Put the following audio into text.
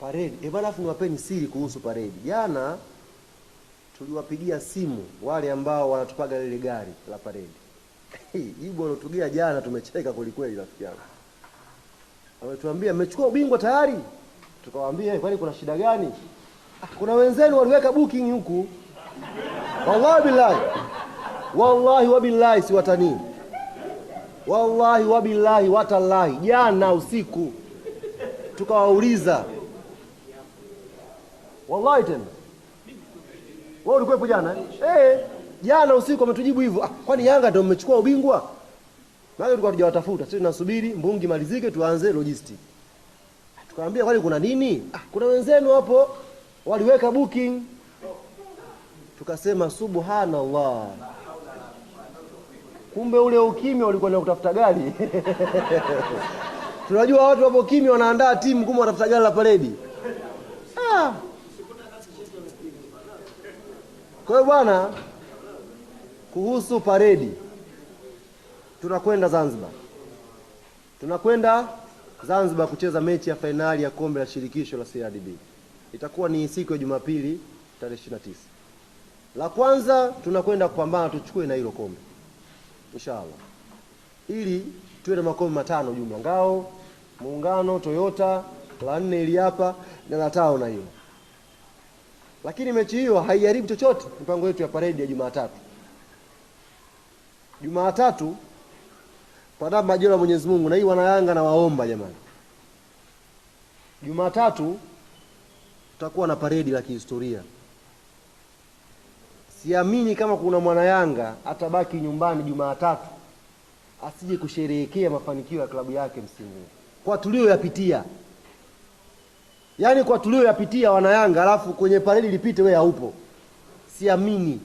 paredi. E eh, alafu niwapeni siri kuhusu paredi. Jana tuliwapigia simu wale ambao wanatupaga lile gari la paredi. Jibu walotugia jana tumecheka kwelikweli, rafiki yangu. Wametuambia mmechukua ubingwa tayari. Tukawaambia eh, kwani kuna shida gani? Kuna wenzenu waliweka booking huku. Wallahi billahi. Wallahi wabillahi si watanii. Wallahi wabillahi watallahi, jana usiku tukawauliza wallahi tena wewe ulikuwepo jana eh? jana usiku ametujibu hivyo ah, kwani Yanga ndio mmechukua ubingwa? bado tulikuwa tujawatafuta sisi, tunasubiri mbungi malizike tuanze logistic. Ah, tukamwambia kwani kuna nini? Ah, kuna wenzenu hapo waliweka booking. Tukasema subhanallah, kumbe ule ukimya ulikuwa na kutafuta gari tunajua watu wapo kimya, wanaandaa timu, kumbe watafuta gari la paredi ah. Kwa hiyo bwana, kuhusu paredi, tunakwenda Zanzibar, tunakwenda Zanzibar kucheza mechi ya fainali ya kombe la shirikisho la CRDB. Itakuwa ni siku ya Jumapili tarehe 29. La kwanza tunakwenda kupambana tuchukue na hilo kombe inshallah, ili tuwe na makombe matano jumla: ngao, muungano, Toyota, la nne ili hapa na la tano na hilo lakini mechi hiyo haiharibu chochote mipango yetu ya paredi ya Jumatatu. Jumatatu pada majira ya Mwenyezi Mungu, na hii wanayanga na waomba jamani, Jumatatu tutakuwa na paredi la kihistoria. Siamini kama kuna mwanayanga atabaki nyumbani Jumatatu asije kusherehekea mafanikio ya klabu yake msimu huu kwa tulioyapitia yaani kwa tulioyapitia wanayanga, alafu kwenye pareli lipite wewe haupo, siamini.